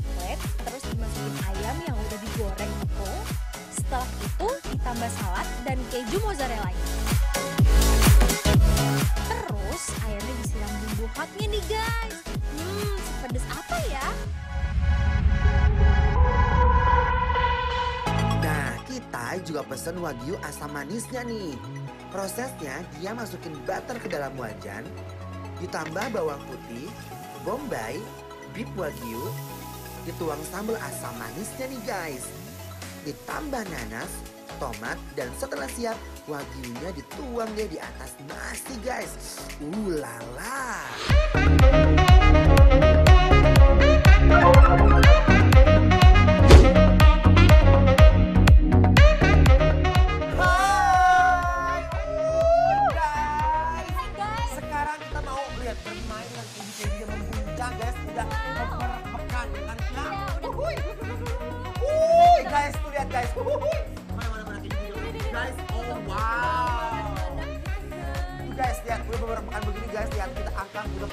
coklat, terus dimasukin ayam yang udah digoreng itu. Setelah itu ditambah salad dan keju mozzarella. Terus airnya disiram bumbu hotnya nih guys. Hmm, sepedes apa ya? Nah, kita juga pesen wagyu asam manisnya nih. Prosesnya dia masukin butter ke dalam wajan, ditambah bawang putih, bombay, beef wagyu, tuang sambal asam manisnya nih guys. Ditambah nanas, tomat, dan setelah siap, wagyunya dituang deh ya di atas nasi guys. Ulala. Uh,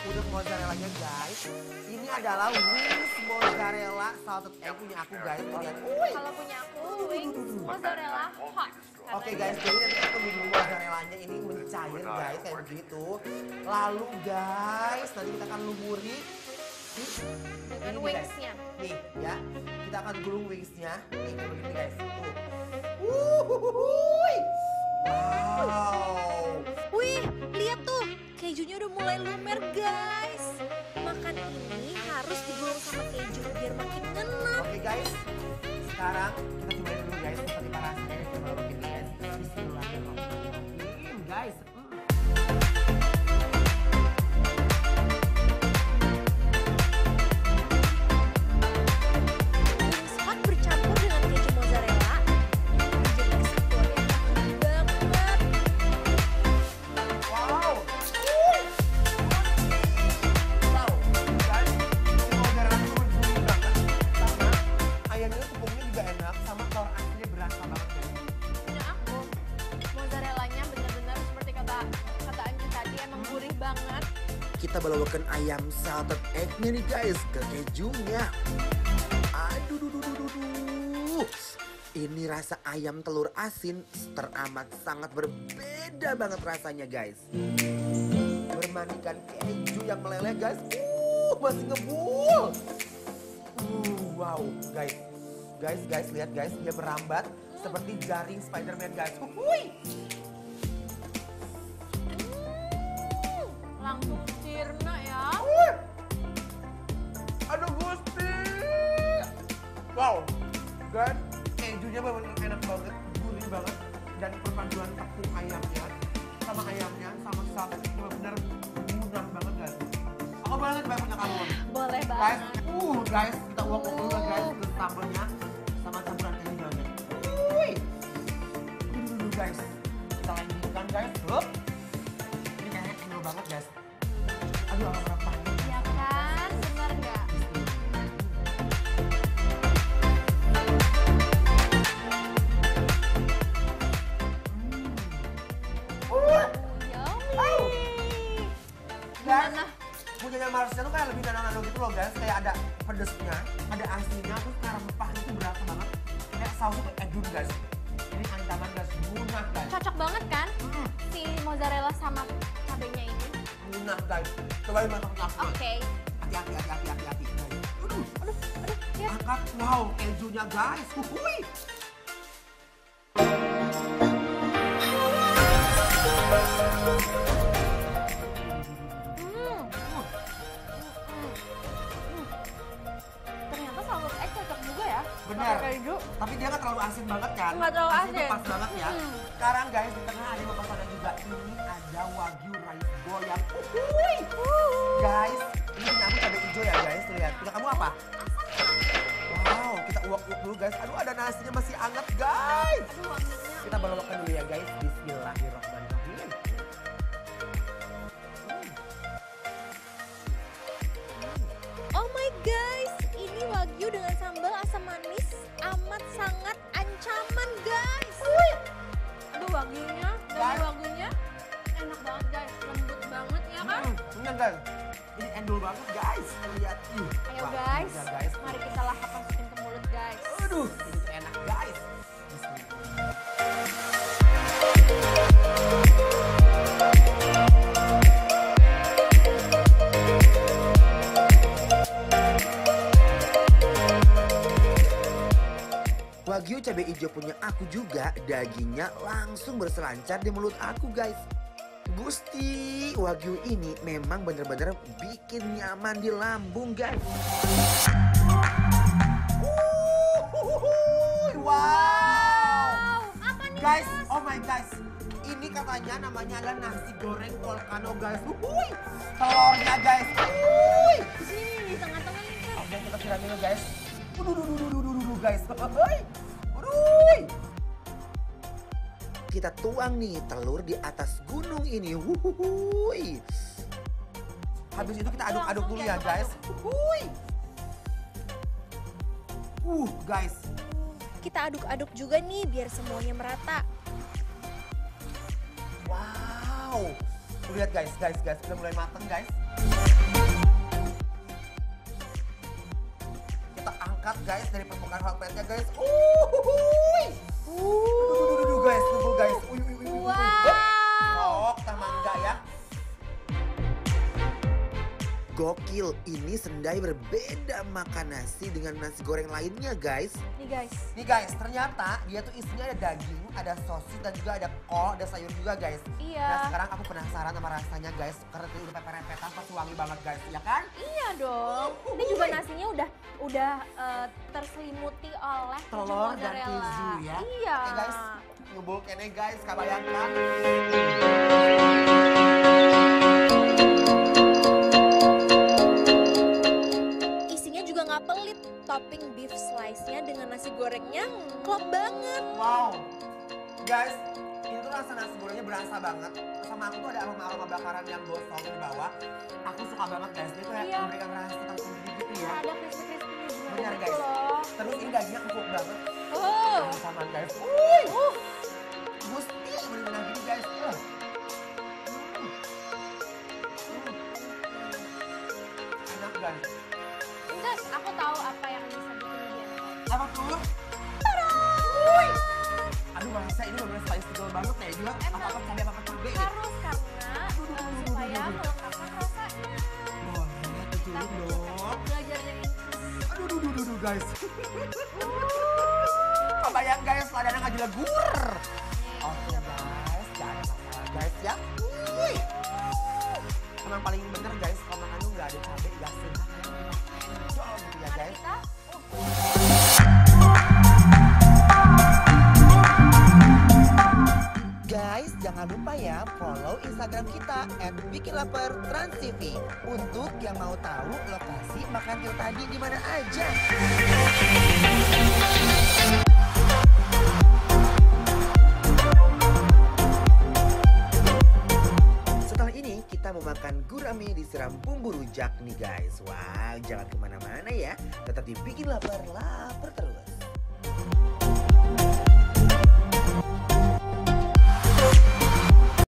udah mozzarellanya guys. Ini adalah wings mozzarella salted egg punya aku guys. Kalau punya aku wings mozzarella hot. Oke okay, guys, jadi nanti aku bumbu mozzarellanya ini mencair guys kayak begitu. Lalu guys, nanti kita akan lumuri dengan ini, wingsnya. Nih ya, kita akan gulung wingsnya. Nih kayak begini guys. Tuh. Wow kejunya udah mulai lumer guys Makan ini harus digulung sama keju biar makin ngenak Oke guys, sekarang kita cobain dulu guys Seperti para rasanya kita baru guys Bismillahirrahmanirrahim guys melolokan ayam salted eggnya nih guys ke kejunya. Aduh, duh, duh, duh, duh, duh. Ini rasa ayam telur asin teramat sangat berbeda banget rasanya guys. Bermanikan keju yang meleleh guys. Uh, masih ngebul. Uh, wow guys. Guys, guys, lihat guys. Dia berambat seperti jaring Spiderman guys. Hui. langsung mirna ya. Wih. Aduh Gusti. Wow. Guys, kejunya benar-benar enak banget, gurih banget dan perpaduan tepung ayamnya sama ayamnya sama sausnya benar-benar mudah banget guys. Aku banget banyak punya kamu. Boleh banget. Guys, uh guys, kita uang uh. dulu guys ke sambelnya sama campuran kejunya. Wih. Dulu guys, kita lanjutkan guys. Hup. Ini kayaknya enak banget guys aduh orang-orang panik ya kan benar nggak hmm. oh, Gimana? Punyanya Marcelo kan lebih nano-nano gitu loh guys, kayak ada pedesnya, ada asinnya, terus rempah itu berasa banget. Kayak sausnya tuh edun guys. Ini ancaman guys, gunakan. Cocok banget kan? Hmm. Si mozzarella sama nah guys. Cobain masak enak. Oke. Hati-hati, hati-hati, hati-hati. Aduh, aduh, aduh. Ya. Angkat, wow, kejunya guys. Hui. Hmm. Hmm. Hmm. Ya, Benar. Tapi dia nggak terlalu asin banget kan? Nggak terlalu asin. asin. Itu pas banget ya. Hmm. Sekarang guys di tengah ada yang pesanan juga. Ini ada wagyu goyang. Guys, ini punya aku cabai hijau ya guys, lihat. Punya kamu apa? Wow, kita uak-uak dulu guys. Aduh, ada nasinya masih anget guys. Kita balokkan dulu ya guys. Bismillahirrahmanirrahim. Wagyu cabai hijau punya aku juga, dagingnya langsung berselancar di mulut aku guys. Gusti, Wagyu ini memang bener-bener bikin nyaman di lambung guys. Wow! guys, oh my guys, ini katanya namanya adalah nasi goreng volcano guys. Wuih, telurnya guys. Wuih, Di sini di tengah-tengah ini. Oke, kita siram dulu guys. Waduh, guys. Hoi. Kita tuang nih telur di atas gunung ini. Wuhui. Habis itu kita aduk-aduk dulu ya guys. Wuhui. Uh guys. Kita aduk-aduk juga nih biar semuanya merata. Wow. Lihat guys, guys, guys. sudah mulai mateng guys. dekat guys dari permukaan hot plate-nya guys. Uh. uh, Uh. Aduh, aduh, aduh, guys, tunggu guys. Uy, uy, uy, uy. Wow. Gokil, ini sendai berbeda makan nasi dengan nasi goreng lainnya guys. Nih guys. Nih guys, ternyata dia tuh isinya ada daging, ada sosis, dan juga ada kol, ada sayur juga guys. Iya. Nah sekarang aku penasaran sama rasanya guys, karena tuh udah pepet-pepetan pasti wangi banget guys, ya kan? Iya dong. Ini juga nasinya udah udah uh, terselimuti oleh telur dan keju ya. Iya. Oke eh, guys, ngebul ini guys, kabayangkan. Ya, topping beef slice-nya dengan nasi gorengnya klop banget. Wow, guys, itu tuh rasa nasi gorengnya berasa banget. Sama aku tuh ada aroma-aroma bakaran yang gosong di bawah. Aku suka banget guys, dia tuh kayak iya. memberikan rasa tentang sendiri gitu ya. Ada crispy-crispy gitu Benar guys. Terus ini dagingnya empuk banget. Oh. Sama guys. Wuh. apa tuh? Wuih. Aduh saya ini benar-benar spicy banget ya. Dia apa-apa cabai apa-apa cabai. Harus karena uh, supaya melengkapkan rasanya. Boleh ditulis dong. Belajar dari Aduh, aduh, duh guys. Kebayang guys, ladanya nggak iya, Oke iya, guys, jangan guys ya. paling bener guys, kalau makan tuh nggak ada cabai, nggak sehat. Coba gitu ya guys. Kita, Jangan lupa ya follow Instagram kita @bikinlapertransTV untuk yang mau tahu lokasi makan til tadi di mana aja. Setelah ini kita mau makan gurame disiram bumbu rujak nih guys. Wow, jangan kemana-mana ya. Tetap dibikin lapar, lapar terus.